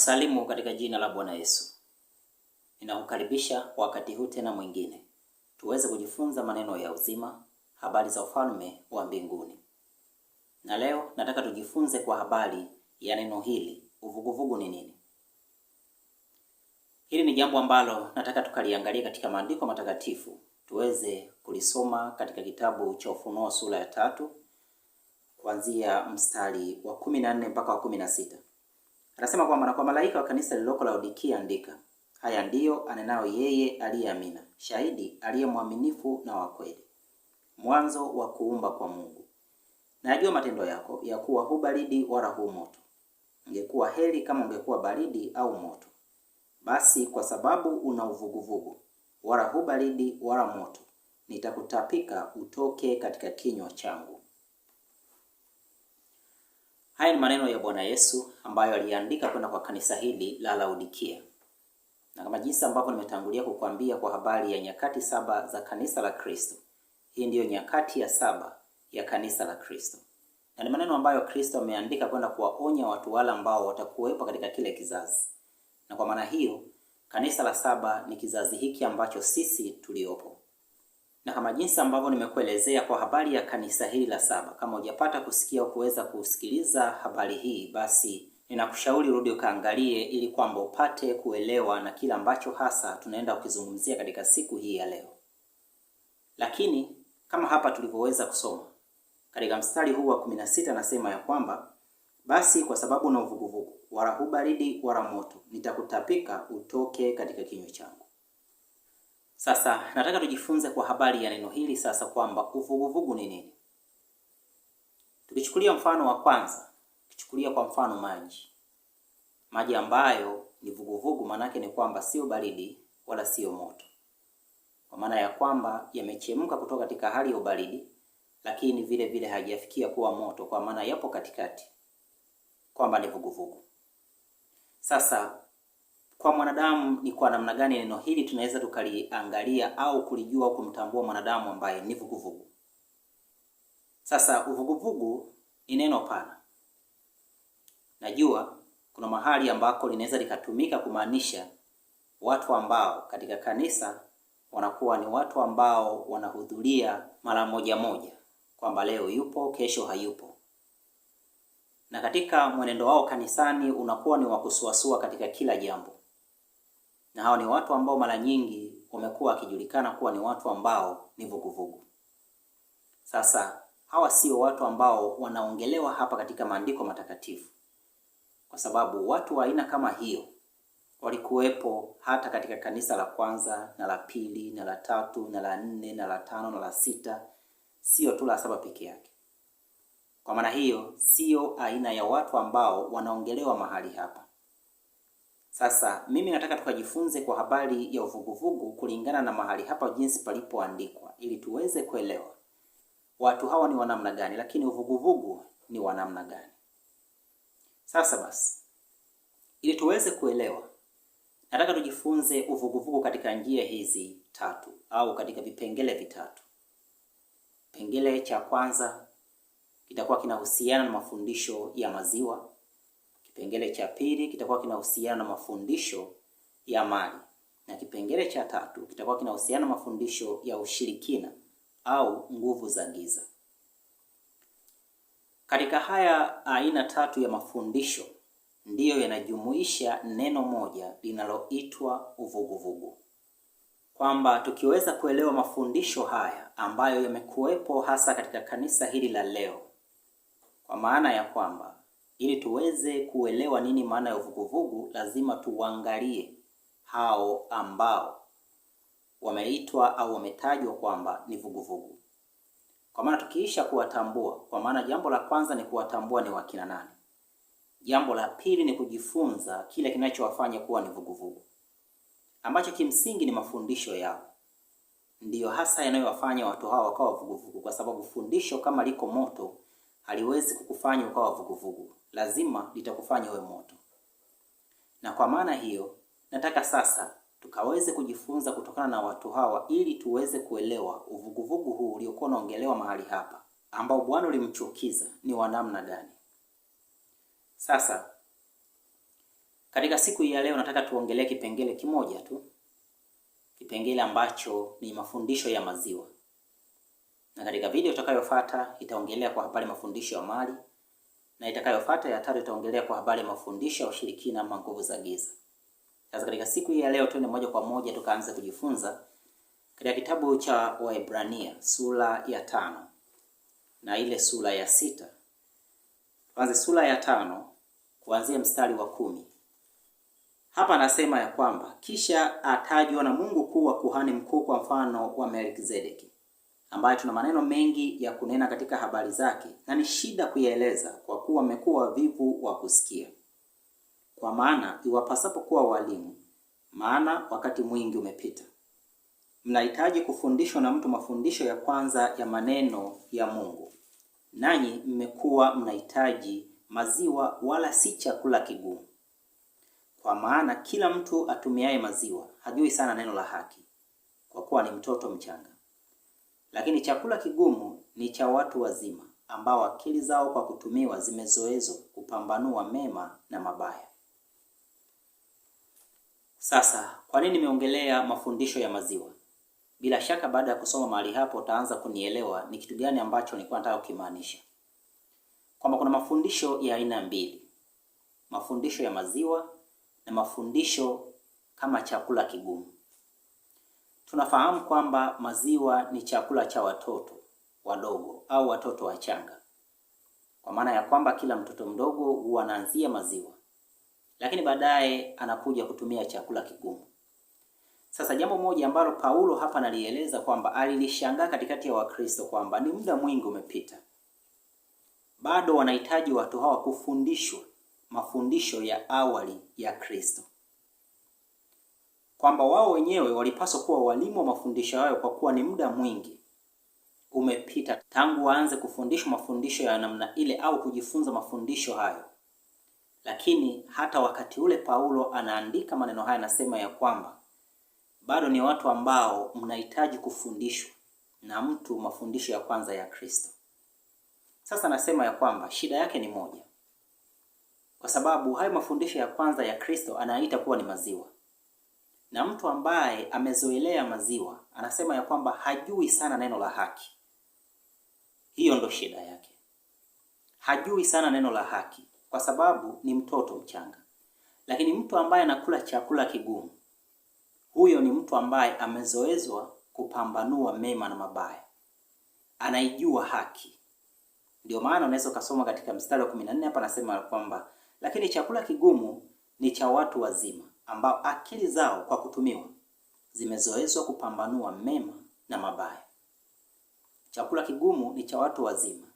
salimu katika jina la Bwana Yesu. Ninakukaribisha wakati huu tena mwingine tuweze kujifunza maneno ya uzima, habari za ufalme wa mbinguni. Na leo nataka tujifunze kwa habari ya neno hili, uvuguvugu ni nini? Hili ni jambo ambalo nataka tukaliangalia katika maandiko matakatifu, tuweze kulisoma katika kitabu cha Ufunuo sura ya tatu kuanzia mstari wa kumi na nne mpaka wa kumi na sita. Anasema kwamba na kwa malaika wa kanisa lililoko Laodikia andika, haya ndiyo anenayo yeye aliye Amina, shahidi aliye mwaminifu na wa kweli, mwanzo wa kuumba kwa Mungu. Najua matendo yako ya kuwa hu baridi wala hu moto. ungekuwa heri kama ungekuwa baridi au moto. Basi kwa sababu una uvuguvugu, wala hu baridi wala moto, nitakutapika utoke katika kinywa changu. Haya ni maneno ya Bwana Yesu ambayo aliandika kwenda kwa kanisa hili la Laodikia, na kama jinsi ambavyo nimetangulia kukwambia kwa habari ya nyakati saba za kanisa la Kristo, hii ndiyo nyakati ya saba ya kanisa la Kristo, na ni maneno ambayo Kristo ameandika kwenda kuwaonya watu wale ambao watakuwepo katika kile kizazi. Na kwa maana hiyo kanisa la saba ni kizazi hiki ambacho sisi tuliopo na kama jinsi ambavyo nimekuelezea kwa habari ya kanisa hili la saba, kama hujapata kusikia au kuweza kusikiliza habari hii, basi ninakushauri rudi ukaangalie, ili kwamba upate kuelewa na kila ambacho hasa tunaenda kukizungumzia katika siku hii ya leo. Lakini kama hapa tulivyoweza kusoma katika mstari huu wa 16 anasema nasema ya kwamba basi kwa sababu na uvuguvugu wala hu baridi wala moto, nitakutapika utoke katika kinywa changu. Sasa nataka tujifunze kwa habari ya neno hili sasa kwamba uvuguvugu ni nini. Tukichukulia mfano wa kwanza, tukichukulia kwa mfano maji, maji ambayo ni vuguvugu, maanake ni kwamba sio baridi wala sio moto, kwa maana ya kwamba yamechemka kutoka katika hali ya ubaridi, lakini vile vile hajafikia kuwa moto, kwa maana yapo katikati, kwamba ni vuguvugu. Sasa kwa mwanadamu ni kwa namna gani neno hili tunaweza tukaliangalia au kulijua au kumtambua mwanadamu ambaye ni vuguvugu. Sasa uvuguvugu ni neno pana, najua kuna mahali ambako linaweza likatumika kumaanisha watu ambao katika kanisa wanakuwa ni watu ambao wanahudhuria mara moja moja, kwamba leo yupo, kesho hayupo, na katika mwenendo wao kanisani unakuwa ni wakusuasua katika kila jambo na hawa ni watu ambao mara nyingi wamekuwa wakijulikana kuwa ni watu ambao ni vuguvugu Sasa hawa sio watu ambao wanaongelewa hapa katika maandiko matakatifu, kwa sababu watu wa aina kama hiyo walikuwepo hata katika kanisa la kwanza na la pili na la tatu na la nne na la tano na la sita, sio tu la saba peke yake. Kwa maana hiyo, siyo aina ya watu ambao wanaongelewa mahali hapa. Sasa mimi nataka tukajifunze kwa habari ya uvuguvugu kulingana na mahali hapa jinsi palipoandikwa, ili tuweze kuelewa watu hawa ni wanamna gani, lakini uvuguvugu ni wanamna gani. Sasa basi, ili tuweze kuelewa, nataka tujifunze uvuguvugu katika njia hizi tatu au katika vipengele vitatu. Kipengele cha kwanza kitakuwa kinahusiana na mafundisho ya maziwa. Kipengele cha pili kitakuwa kinahusiana na mafundisho ya mali na kipengele cha tatu kitakuwa kinahusiana na mafundisho ya ushirikina au nguvu za giza. Katika haya aina tatu ya mafundisho ndiyo yanajumuisha neno moja linaloitwa uvuguvugu, kwamba tukiweza kuelewa mafundisho haya ambayo yamekuwepo hasa katika kanisa hili la leo, kwa maana ya kwamba ili tuweze kuelewa nini maana ya uvuguvugu, lazima tuangalie hao ambao wameitwa au wametajwa kwamba ni vuguvugu, kwa maana tukiisha kuwatambua, kwa maana jambo la kwanza ni kuwatambua ni wakina nani. Jambo la pili ni kujifunza kile kinachowafanya kuwa ni vuguvugu, ambacho kimsingi ni mafundisho yao ndiyo hasa yanayowafanya watu hao wakawa vuguvugu, kwa sababu fundisho kama liko moto haliwezi kukufanya ukawa vuguvugu lazima litakufanya uwe moto. Na kwa maana hiyo, nataka sasa tukaweze kujifunza kutokana na watu hawa, ili tuweze kuelewa uvuguvugu huu uliokuwa unaongelewa mahali hapa, ambao Bwana ulimchukiza ni wa namna gani. Sasa katika siku hii ya leo, nataka tuongelee kipengele kimoja tu, kipengele ambacho ni mafundisho ya maziwa, na katika video itakayofuata itaongelea kwa habari mafundisho ya mali na itakayofuata ya tatu itaongelea kwa habari ya mafundisho ya ushirikina ama nguvu za giza. Sasa katika siku hii ya leo tuende moja kwa moja tukaanza kujifunza katika kitabu cha Waebrania sura ya tano na ile sura ya sita. Tuanze sura ya tano kuanzia mstari wa kumi. Hapa anasema ya kwamba kisha atajwa na Mungu kuwa kuhani mkuu kwa mfano wa Melkizedeki, ambaye tuna maneno mengi ya kunena katika habari zake na ni shida kuyaeleza kuwa wamekuwa wavivu wa kusikia. Kwa maana iwapasapo kuwa walimu, maana wakati mwingi umepita. Mnahitaji kufundishwa na mtu mafundisho ya kwanza ya maneno ya Mungu, nanyi mmekuwa mnahitaji maziwa, wala si chakula kigumu. Kwa maana kila mtu atumiaye maziwa hajui sana neno la haki, kwa kuwa ni mtoto mchanga. Lakini chakula kigumu ni cha watu wazima ambao akili zao kwa kutumiwa zimezoezwa kupambanua mema na mabaya. Sasa, kwa nini nimeongelea mafundisho ya maziwa? Bila shaka baada ya kusoma mahali hapo utaanza kunielewa ni kitu gani ambacho nilikuwa nataka kukimaanisha, kwamba kuna mafundisho ya aina mbili, mafundisho ya maziwa na mafundisho kama chakula kigumu. Tunafahamu kwamba maziwa ni chakula cha watoto wadogo au watoto wachanga, kwa maana ya kwamba kila mtoto mdogo huwa anaanzia maziwa, lakini baadaye anakuja kutumia chakula kigumu. Sasa jambo moja ambalo Paulo hapa analieleza kwamba alilishangaa katikati ya Wakristo kwamba ni muda mwingi umepita, bado wanahitaji watu hawa kufundishwa mafundisho ya awali ya Kristo, kwamba wao wenyewe walipaswa kuwa walimu wa mafundisho hayo kwa kuwa ni muda mwingi umepita tangu waanze kufundishwa mafundisho ya namna ile au kujifunza mafundisho hayo. Lakini hata wakati ule Paulo anaandika maneno haya, anasema ya kwamba bado ni watu ambao mnahitaji kufundishwa na mtu mafundisho ya kwanza ya Kristo. Sasa anasema ya kwamba shida yake ni moja, kwa sababu hayo mafundisho ya kwanza ya Kristo anaita kuwa ni maziwa, na mtu ambaye amezoelea maziwa anasema ya kwamba hajui sana neno la haki hiyo ndo shida yake, hajui sana neno la haki kwa sababu ni mtoto mchanga. Lakini mtu ambaye anakula chakula kigumu, huyo ni mtu ambaye amezoezwa kupambanua mema na mabaya, anaijua haki. Ndio maana unaweza ukasoma katika mstari wa 14 hapa anasema kwamba lakini chakula kigumu ni cha watu wazima ambao akili zao kwa kutumiwa zimezoezwa kupambanua mema na mabaya. Chakula kigumu ni cha watu wazima.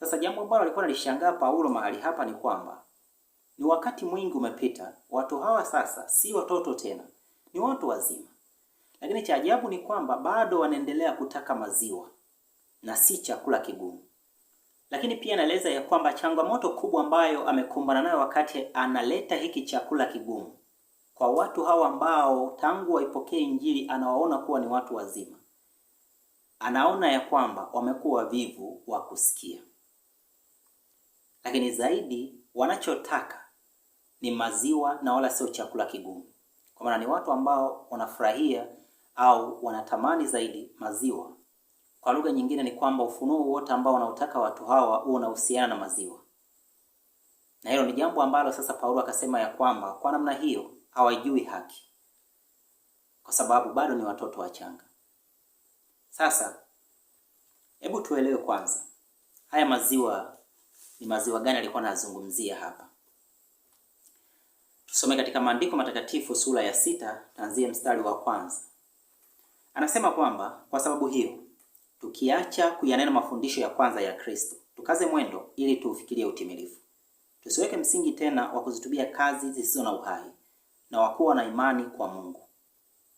Sasa jambo ambalo alikuwa nalishangaa Paulo mahali hapa ni kwamba ni wakati mwingi umepita, watu hawa sasa si watoto tena, ni watu wazima, lakini cha ajabu ni kwamba bado wanaendelea kutaka maziwa na si chakula kigumu. Lakini pia anaeleza ya kwamba changamoto kubwa ambayo amekumbana nayo wakati analeta hiki chakula kigumu kwa watu hawa ambao tangu waipokee Injili anawaona kuwa ni watu wazima anaona ya kwamba wamekuwa vivu wa kusikia, lakini zaidi wanachotaka ni maziwa na wala sio chakula kigumu, kwa maana ni watu ambao wanafurahia au wanatamani zaidi maziwa. Kwa lugha nyingine ni kwamba ufunuo wote ambao wanaotaka watu hawa huo unahusiana na maziwa, na hilo ni jambo ambalo sasa Paulo akasema ya kwamba kwa namna hiyo hawajui haki, kwa sababu bado ni watoto wachanga. Sasa hebu tuelewe kwanza, haya maziwa ni maziwa gani alikuwa anazungumzia hapa? Tusome katika maandiko matakatifu sura ya sita tanzie mstari wa kwanza. Anasema kwamba kwa sababu hiyo tukiacha kuyanena mafundisho ya kwanza ya Kristo, tukaze mwendo ili tuufikirie utimilifu, tusiweke msingi tena wa kuzitubia kazi zisizo na uhai na wakuwa na imani kwa Mungu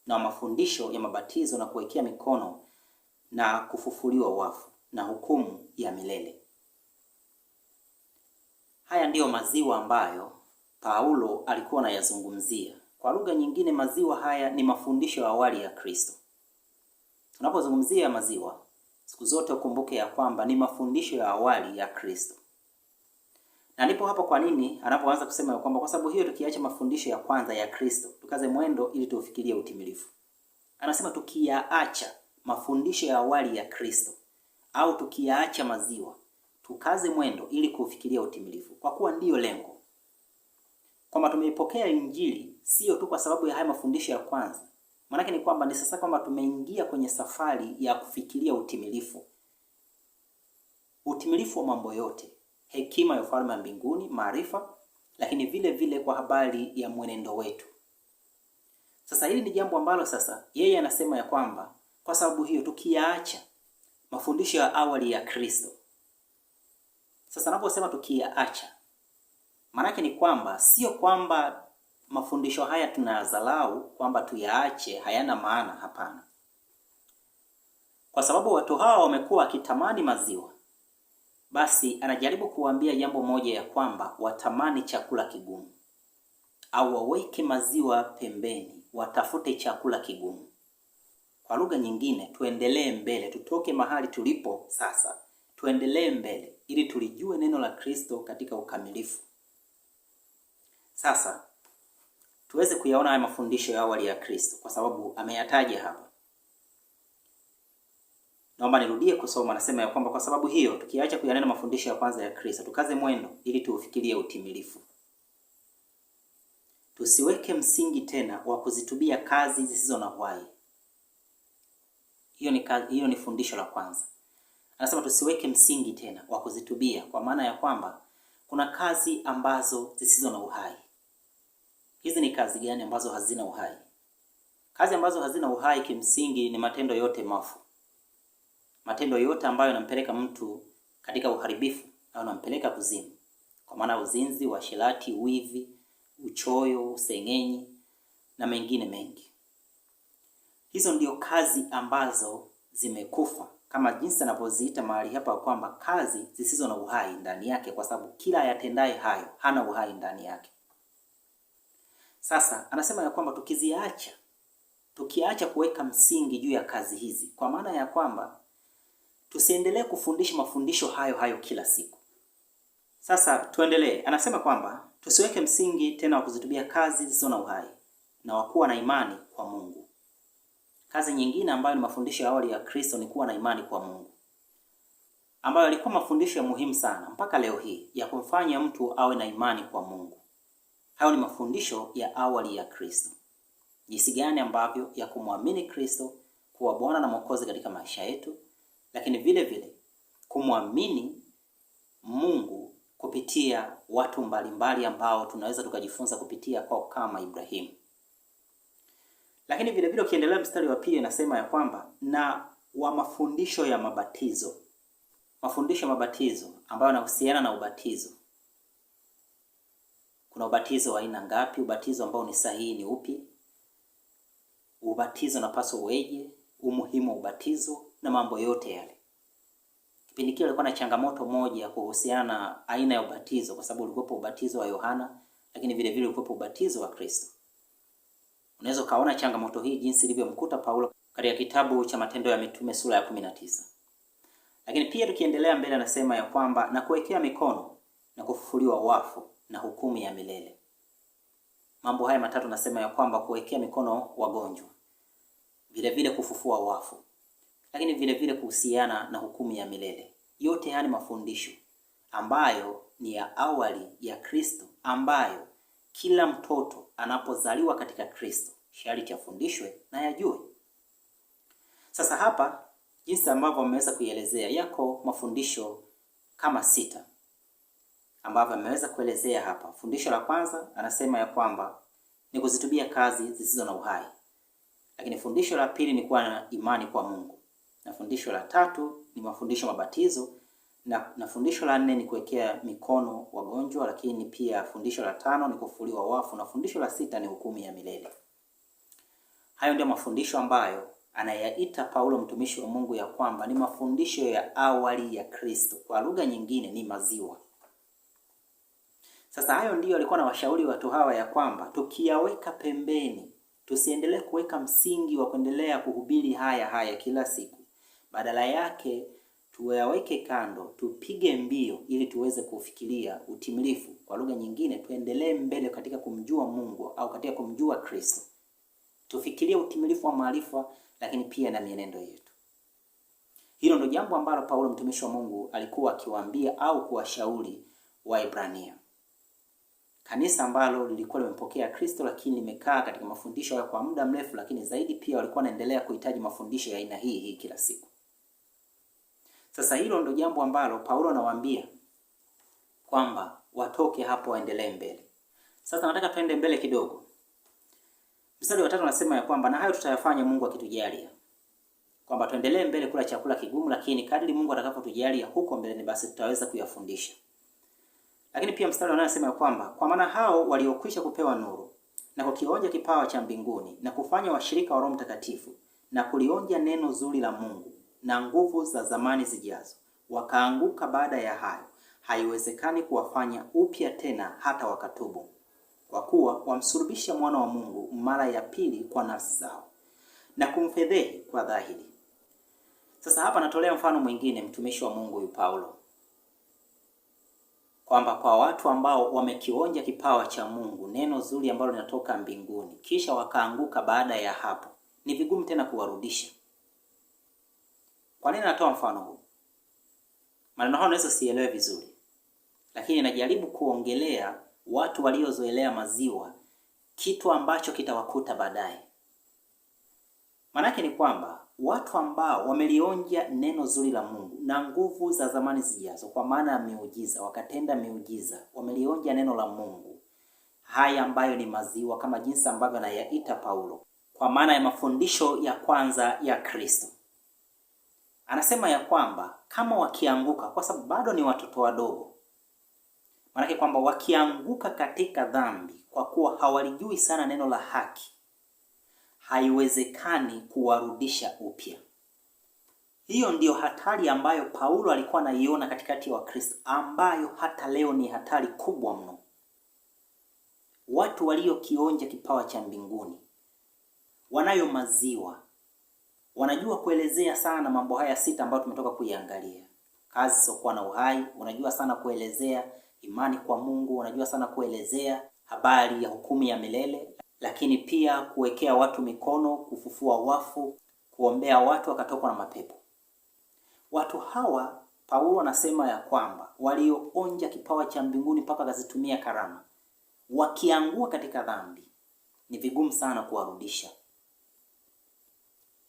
na wa mafundisho ya mabatizo na kuwekea mikono na kufufuliwa wafu na hukumu ya milele. Haya ndiyo maziwa ambayo Paulo alikuwa anayazungumzia. Kwa lugha nyingine, maziwa haya ni mafundisho ya awali ya Kristo. Tunapozungumzia maziwa, siku zote ukumbuke ya kwamba ni mafundisho ya awali ya Kristo, na ndipo hapo kwa nini anapoanza kusema ya kwamba kwa sababu hiyo tukiacha mafundisho ya kwanza ya Kristo tukaze mwendo ili tufikirie utimilifu. Anasema tukiyaacha mafundisho ya awali ya Kristo au tukiyaacha maziwa, tukaze mwendo ili kufikiria utimilifu, kwa kuwa ndiyo lengo, kwamba tumeipokea Injili siyo tu kwa sababu ya haya mafundisho ya kwanza. Maanake ni kwamba ni sasa kwamba tumeingia kwenye safari ya kufikiria utimilifu, utimilifu wa mambo yote, hekima ya ufalme wa mbinguni, maarifa, lakini vile vile kwa habari ya mwenendo wetu. Sasa hili ni jambo ambalo sasa yeye anasema ya kwamba kwa sababu hiyo tukiyaacha mafundisho ya awali ya Kristo. Sasa naposema tukiyaacha, maanake ni kwamba sio kwamba mafundisho haya tunayadharau, kwamba tuyaache, hayana maana. Hapana, kwa sababu watu hawa wamekuwa wakitamani maziwa, basi anajaribu kuwaambia jambo moja, ya kwamba watamani chakula kigumu, au waweke maziwa pembeni, watafute chakula kigumu. Kwa lugha nyingine, tuendelee mbele, tutoke mahali tulipo sasa, tuendelee mbele ili tulijue neno la Kristo katika ukamilifu. Sasa tuweze kuyaona haya mafundisho ya awali ya Kristo, kwa sababu ameyataja hapa. Naomba nirudie kusoma, nasema ya kwamba kwa sababu hiyo, tukiacha kuyanena mafundisho ya kwanza ya Kristo, tukaze mwendo ili tuufikirie utimilifu. Tusiweke msingi tena wa kuzitubia kazi zisizo na uhai, hiyo ni hiyo ni fundisho la kwanza. Anasema tusiweke msingi tena wa kuzitubia, kwa maana ya kwamba kuna kazi ambazo zisizo na uhai. Hizi ni kazi gani ambazo hazina uhai? Kazi ambazo hazina uhai kimsingi ni matendo yote mafu, matendo yote ambayo yanampeleka mtu katika uharibifu au yanampeleka kuzimu, kwa maana uzinzi, uasherati, wivi, uchoyo, usengenyi na mengine mengi. Hizo ndio kazi ambazo zimekufa, kama jinsi anavyoziita mahali hapa kwamba kazi zisizo na uhai ndani yake, kwa sababu kila yatendaye hayo hana uhai ndani yake. Sasa anasema ya kwamba tukiziacha, tukiacha kuweka msingi juu ya kazi hizi, kwa maana ya kwamba tusiendelee kufundisha mafundisho hayo hayo kila siku. Sasa tuendelee, anasema kwamba tusiweke msingi tena wa kuzitubia kazi zisizo na uhai na wakuwa na imani kwa Mungu. Kazi nyingine ambayo ni mafundisho ya awali ya Kristo ni kuwa na imani kwa Mungu, ambayo yalikuwa mafundisho ya muhimu sana mpaka leo hii ya kumfanya mtu awe na imani kwa Mungu. Hayo ni mafundisho ya awali ya Kristo, jinsi gani ambavyo ya kumwamini Kristo kuwa Bwana na Mwokozi katika maisha yetu, lakini vile vile kumwamini Mungu kupitia watu mbalimbali ambao tunaweza tukajifunza kupitia kwao kama Ibrahimu. Lakini vile vile ukiendelea mstari wa pili inasema ya kwamba na wa mafundisho ya mabatizo, mafundisho ya mabatizo ambayo yanahusiana na ubatizo. Kuna ubatizo wa aina ngapi? Ubatizo ambao ni sahihi ni upi? Ubatizo unapaswa uweje? Umuhimu wa ubatizo na mambo yote yale. Kipindi kile alikuwa na changamoto moja kuhusiana na aina ya ubatizo, kwa sababu ulikuwepo ubatizo wa Yohana, lakini vile vile ulikuwepo ubatizo wa Kristo. Unaweza ukaona changamoto hii jinsi ilivyomkuta Paulo katika kitabu cha Matendo ya Mitume sura ya 19. Lakini pia tukiendelea mbele, anasema ya kwamba na kuwekea mikono na kufufuliwa wafu na hukumu ya milele. Mambo haya matatu nasema ya kwamba kuwekea mikono wagonjwa, vile vile kufufua wafu, lakini vile vile kuhusiana na hukumu ya milele. Yote haya ni mafundisho ambayo ni ya awali ya Kristo ambayo kila mtoto anapozaliwa katika Kristo sharti afundishwe na yajue. Sasa hapa, jinsi ambavyo ameweza kuielezea, yako mafundisho kama sita ambavyo ameweza kuelezea hapa. Fundisho la kwanza anasema ya kwamba ni kuzitubia kazi zisizo na uhai, lakini fundisho la pili ni kuwa na imani kwa Mungu, na fundisho la tatu ni mafundisho mabatizo na, na fundisho la nne ni kuwekea mikono wagonjwa, lakini pia fundisho la tano ni kufufuliwa wafu na fundisho la sita ni hukumu ya milele. Hayo ndio mafundisho ambayo anayaita Paulo mtumishi wa Mungu ya kwamba ni mafundisho ya awali ya Kristo, kwa lugha nyingine ni maziwa. Sasa hayo ndiyo alikuwa na washauri watu hawa ya kwamba tukiyaweka pembeni, tusiendelee kuweka msingi wa kuendelea kuhubiri haya haya kila siku, badala yake tuyaweke kando, tupige mbio ili tuweze kufikiria utimilifu. Kwa lugha nyingine, tuendelee mbele katika kumjua Mungu au katika kumjua Kristo, tufikirie utimilifu wa maarifa, lakini pia na mienendo yetu. Hilo ndio jambo ambalo Paulo mtumishi wa Mungu alikuwa akiwaambia au kuwashauri waibrania kanisa ambalo lilikuwa limepokea Kristo, lakini limekaa katika mafundisho ya kwa muda mrefu, lakini zaidi pia walikuwa wanaendelea kuhitaji mafundisho ya aina hii hii kila siku. Sasa hilo ndo jambo ambalo Paulo anawaambia kwamba watoke hapo waendelee mbele. Sasa nataka tuende mbele kidogo. Mstari wa tatu anasema ya kwamba na hayo tutayafanya Mungu akitujalia. Kwamba tuendelee mbele kula chakula kigumu, lakini kadri Mungu atakapotujalia huko mbeleni, basi tutaweza kuyafundisha. Lakini pia mstari anasema ya kwamba kwa maana hao waliokwisha kupewa nuru na kukionja kipawa cha mbinguni na kufanya washirika wa Roho Mtakatifu na kulionja neno zuri la Mungu na nguvu za zamani zijazo, wakaanguka baada ya hayo, haiwezekani kuwafanya upya tena hata wakatubu, kwa kuwa wamsulubisha mwana wa Mungu mara ya pili kwa nafsi zao na kumfedhehi kwa dhahiri. Sasa hapa natolea mfano mwingine, mtumishi wa Mungu yu Paulo, kwamba kwa watu ambao wamekionja kipawa cha Mungu, neno zuri ambalo linatoka mbinguni, kisha wakaanguka baada ya hapo, ni vigumu tena kuwarudisha. Kwa nini natoa mfano huu? Maneno hayo naweza sielewe vizuri, lakini najaribu kuongelea watu waliozoelea maziwa, kitu ambacho kitawakuta baadaye. Maanake ni kwamba watu ambao wamelionja neno zuri la Mungu na nguvu za zamani zijazo, kwa maana ya miujiza, wakatenda miujiza, wamelionja neno la Mungu, haya ambayo ni maziwa, kama jinsi ambavyo anayaita Paulo, kwa maana ya mafundisho ya kwanza ya Kristo anasema ya kwamba kama wakianguka, kwa sababu bado ni watoto wadogo, maanake kwamba wakianguka katika dhambi, kwa kuwa hawalijui sana neno la haki, haiwezekani kuwarudisha upya. Hiyo ndiyo hatari ambayo Paulo alikuwa anaiona katikati ya Wakristo, ambayo hata leo ni hatari kubwa mno. Watu waliokionja kipawa cha mbinguni, wanayo maziwa wanajua kuelezea sana mambo haya sita ambayo tumetoka kuiangalia: kazi isiyokuwa na uhai, wanajua sana kuelezea imani kwa Mungu, wanajua sana kuelezea habari ya hukumu ya milele, lakini pia kuwekea watu mikono, kufufua wafu, kuombea watu wakatokwa na mapepo. Watu hawa Paulo anasema ya kwamba walioonja kipawa cha mbinguni mpaka wakazitumia karama, wakiangua katika dhambi, ni vigumu sana kuwarudisha.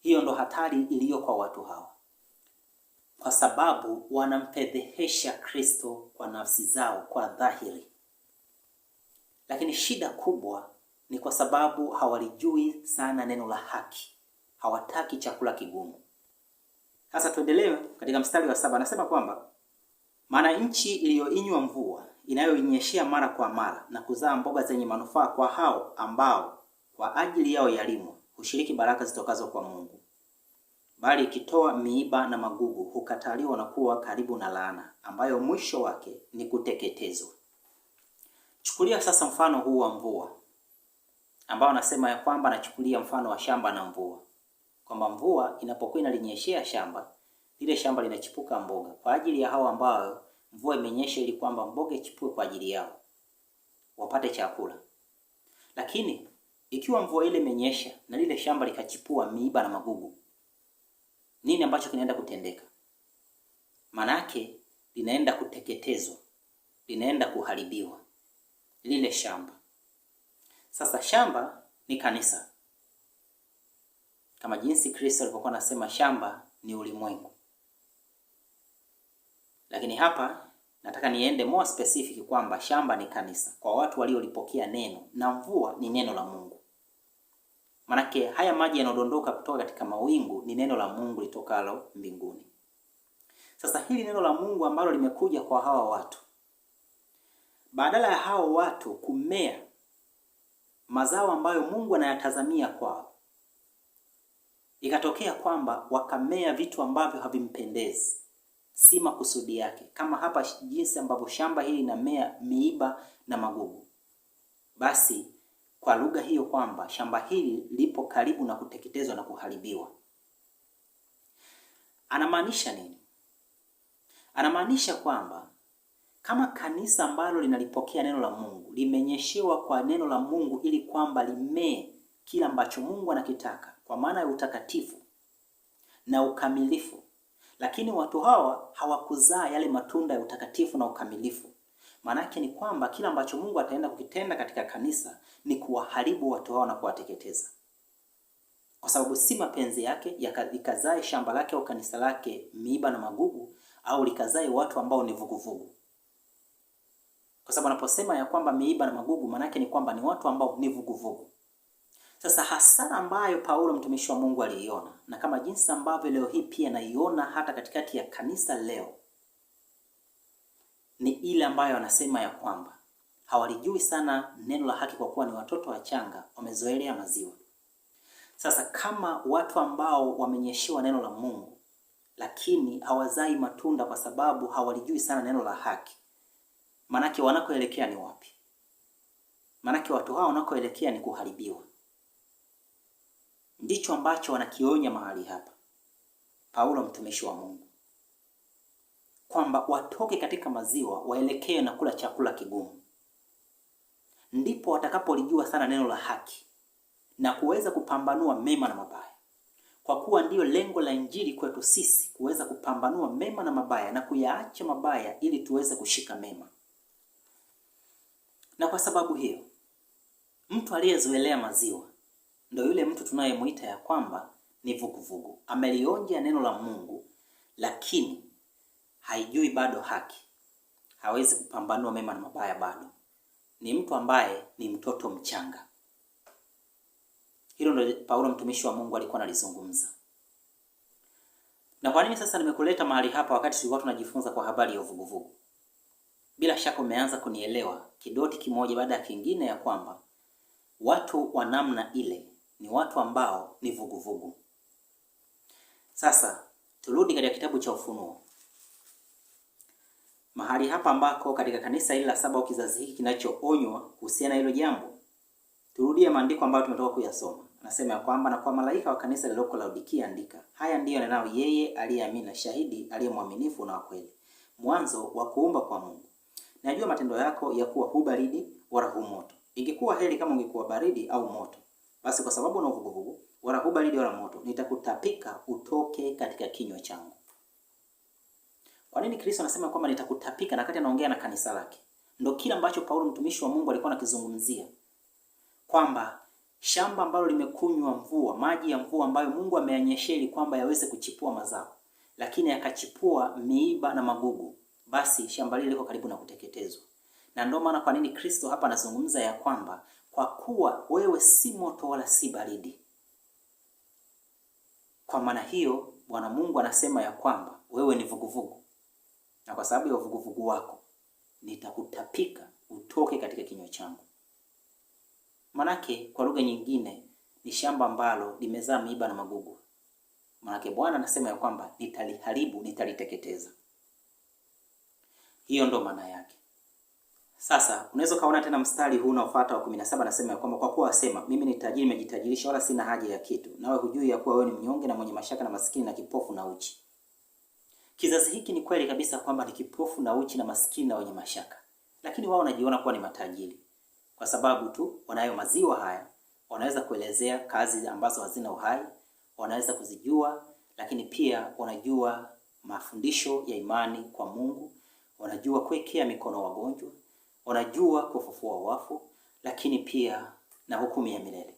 Hiyo ndo hatari iliyo kwa watu hawa, kwa sababu wanamfedhehesha Kristo kwa nafsi zao kwa dhahiri, lakini shida kubwa ni kwa sababu hawalijui sana neno la haki, hawataki chakula kigumu. Sasa tuendelee katika mstari wa saba, anasema kwamba maana nchi iliyoinywa mvua inayoinyeshea mara kwa mara na kuzaa mboga zenye manufaa kwa hao ambao kwa ajili yao yalimwa hushiriki baraka zitokazo kwa Mungu, bali ikitoa miiba na magugu hukataliwa na kuwa karibu na laana, ambayo mwisho wake ni kuteketezwa. Chukulia sasa mfano huu wa mvua ambao anasema ya kwamba, nachukulia mfano wa shamba na mvua, kwamba mvua inapokuwa inalinyeshea shamba lile, shamba linachipuka mboga kwa ajili ya hao ambao mvua imenyesha, ili kwamba mboga ichipue kwa ajili yao wapate chakula, lakini ikiwa mvua ile imenyesha na lile shamba likachipua miiba na magugu, nini ambacho kinaenda kutendeka? Manake linaenda kuteketezwa, linaenda kuharibiwa lile shamba. Sasa shamba ni kanisa, kama jinsi Kristo alivyokuwa anasema shamba ni ulimwengu. Lakini hapa nataka niende more specific kwamba shamba ni kanisa, kwa watu waliolipokea neno, na mvua ni neno la Mungu. Manake haya maji yanayodondoka kutoka katika mawingu ni neno la Mungu litokalo mbinguni. Sasa hili neno la Mungu ambalo limekuja kwa hawa watu, badala ya hao watu kumea mazao ambayo Mungu anayatazamia kwao, ikatokea kwamba wakamea vitu ambavyo havimpendezi, si makusudi yake, kama hapa jinsi ambavyo shamba hili linamea miiba na magugu, basi kwa lugha hiyo kwamba shamba hili lipo karibu na kuteketezwa na kuharibiwa. Anamaanisha nini? Anamaanisha kwamba kama kanisa ambalo linalipokea neno la Mungu limenyeshewa kwa neno la Mungu ili kwamba limee kila ambacho Mungu anakitaka kwa maana ya utakatifu na ukamilifu, lakini watu hawa hawakuzaa yale matunda ya utakatifu na ukamilifu, maanake ni kwamba kila ambacho Mungu ataenda kukitenda katika kanisa ni kuwaharibu watu wao na kuwateketeza, kwa sababu si mapenzi yake likazae shamba lake au kanisa lake miiba na magugu, au likazae watu ambao ni vuguvugu, kwa sababu anaposema ya kwamba miiba na magugu, maanake ni kwamba ni watu ambao ni vuguvugu. Sasa hasara ambayo Paulo mtumishi wa Mungu aliiona na kama jinsi ambavyo leo hii pia naiona hata katikati ya kanisa leo, ni ile ambayo anasema ya kwamba hawalijui sana neno la haki kwa kuwa ni watoto wachanga, wamezoelea maziwa. Sasa kama watu ambao wamenyeshewa neno la Mungu lakini hawazai matunda kwa sababu hawalijui sana neno la haki, manake wanakoelekea ni wapi? Manake watu hao wanakoelekea ni kuharibiwa. Ndicho ambacho wanakionya mahali hapa Paulo mtumishi wa Mungu kwamba watoke katika maziwa waelekee na kula chakula kigumu ndipo watakapolijua sana neno la haki na kuweza kupambanua mema na mabaya, kwa kuwa ndiyo lengo la Injili kwetu sisi, kuweza kupambanua mema na mabaya na kuyaacha mabaya ili tuweze kushika mema. Na kwa sababu hiyo, mtu aliyezoelea maziwa ndio yule mtu tunayemwita ya kwamba ni vuguvugu, amelionja neno la Mungu lakini haijui bado haki, hawezi kupambanua mema na mabaya bado ni mtu ambaye ni mtoto mchanga. Hilo ndio Paulo mtumishi wa Mungu alikuwa analizungumza. Na kwa nini sasa nimekuleta mahali hapa wakati tulikuwa tunajifunza kwa habari ya uvuguvugu? Bila shaka umeanza kunielewa kidoti kimoja baada ya kingine, ya kwamba watu wa namna ile ni watu ambao ni vuguvugu vugu. Sasa turudi katika kitabu cha Ufunuo mahali hapa ambako katika kanisa hili la saba au kizazi hiki kinachoonywa kuhusiana na hilo jambo. Turudie maandiko ambayo tumetoka kuyasoma. Anasema ya kwamba na kwa malaika wa kanisa lililoko Laodikia andika, haya ndiyo yanenao yeye aliyeamini na shahidi aliye mwaminifu na wa kweli, mwanzo wa kuumba kwa Mungu. Najua matendo yako ya kuwa hu baridi wala hu moto. Ingekuwa heri kama ungekuwa baridi au moto, basi kwa sababu una uvuguvugu, wala hu baridi wala moto, nitakutapika utoke katika kinywa changu. Kwa nini Kristo anasema kwamba nitakutapika, na wakati anaongea na kanisa lake? Ndio kile ambacho Paulo mtumishi wa Mungu alikuwa anakizungumzia kwamba shamba ambalo limekunywa mvua, maji ya mvua ambayo Mungu ameyanyeshea ili kwamba yaweze kuchipua mazao, lakini yakachipua miiba na magugu, basi shamba lile liko karibu na kuteketezwa. Na ndio maana kwa nini Kristo hapa anazungumza ya kwamba kwa kuwa wewe si moto wala si baridi, kwa maana hiyo Bwana Mungu anasema ya kwamba wewe ni vuguvugu na kwa sababu ya uvuguvugu wako nitakutapika utoke katika kinywa changu. Manake kwa lugha nyingine ni shamba ambalo limezaa miiba na magugu. Manake Bwana anasema ya kwamba nitaliharibu, nitaliteketeza. Hiyo ndo maana yake. Sasa unaweza ukaona tena mstari huu unaofuata wa 17 anasema ya kwamba kwa kuwa asema mimi ni tajiri, nimejitajirisha, wala sina haja ya kitu, nawe hujui ya kuwa wewe ni mnyonge na mwenye mashaka na masikini na kipofu na uchi Kizazi hiki ni kweli kabisa kwamba ni kipofu na uchi na maskini na wenye mashaka, lakini wao wanajiona kuwa ni matajiri kwa sababu tu wanayo maziwa haya, wanaweza kuelezea kazi ambazo hazina uhai, wanaweza kuzijua, lakini pia wanajua mafundisho ya imani kwa Mungu, wanajua kuwekea mikono wagonjwa, wanajua kufufua wafu, lakini pia na hukumu ya milele.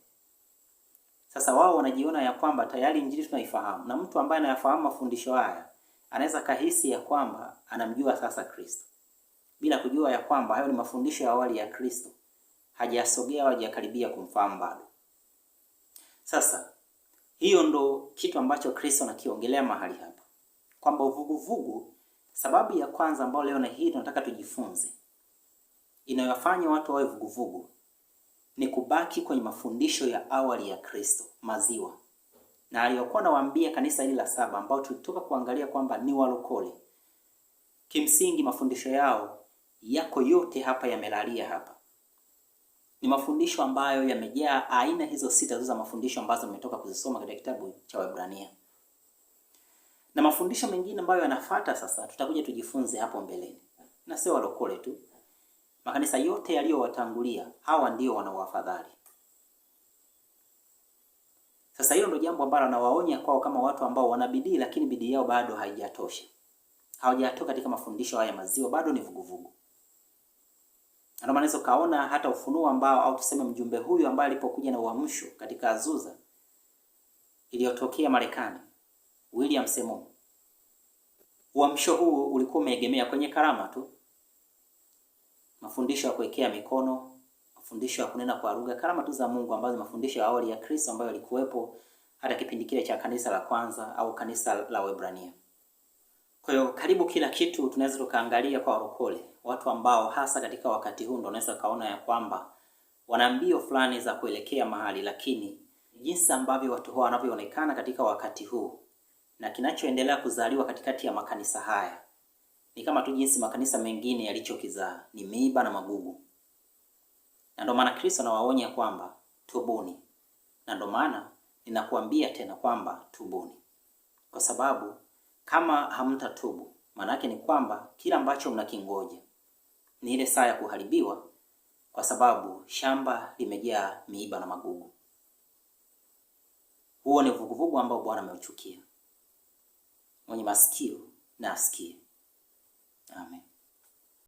Sasa wao wanajiona ya kwamba tayari Injili tunaifahamu, na mtu ambaye anayafahamu mafundisho haya anaweza kahisi ya kwamba anamjua sasa Kristo bila kujua ya kwamba hayo ni mafundisho ya awali ya Kristo, hajasogea au hajakaribia kumfahamu bado. Sasa hiyo ndo kitu ambacho Kristo anakiongelea mahali hapa kwamba uvuguvugu, sababu ya kwanza ambayo leo na hii tunataka tujifunze inayofanya watu wawe vuguvugu ni kubaki kwenye mafundisho ya awali ya Kristo, maziwa na aliyokuwa nawaambia kanisa hili la saba, ambao tulitoka kuangalia kwamba ni walokole, kimsingi mafundisho yao yako yote hapa, yamelalia hapa. Ni mafundisho ambayo yamejaa aina hizo sita za mafundisho ambazo nimetoka kuzisoma katika kitabu cha Waebrania, na mafundisho mengine ambayo yanafuata sasa tutakuja tujifunze hapo mbeleni, na sio walokole tu, makanisa yote yaliyowatangulia, hawa ndio wanaowafadhali. Sasa hilo ndio jambo ambalo anawaonya kwao kama watu ambao wana bidii, lakini bidii yao bado haijatosha, hawajatoka katika mafundisho haya maziwa, bado ni vuguvugu. Ndio maana hizo kaona hata ufunuo ambao au tuseme mjumbe huyu ambaye alipokuja na uamsho katika Azusa iliyotokea Marekani, William Seymour, uamsho huu ulikuwa umeegemea kwenye karama tu, mafundisho ya kuwekea mikono mafundisho ya kunena kwa lugha, karama tu za Mungu ambazo mafundisho ya awali ya Kristo ambayo yalikuwepo hata kipindi kile cha kanisa la kwanza au kanisa la Waebrania. Kwa hiyo karibu kila kitu tunaweza tukaangalia kwa warokole, watu ambao hasa katika wakati huu ndio unaweza kaona ya kwamba wana mbio fulani za kuelekea mahali, lakini jinsi ambavyo watu hao wanavyoonekana katika wakati huu na kinachoendelea kuzaliwa katikati ya makanisa haya ni kama tu jinsi makanisa mengine yalichokizaa ni miiba na magugu na ndio maana Kristo anawaonya kwamba tubuni, na ndio maana ninakuambia tena kwamba tubuni, kwa sababu kama hamtatubu, maana yake ni kwamba kila ambacho mnakingoja ni ile saa ya kuharibiwa, kwa sababu shamba limejaa miiba na magugu. Huo ni vuguvugu ambao Bwana ameuchukia. Mwenye masikio na asikie. Amen.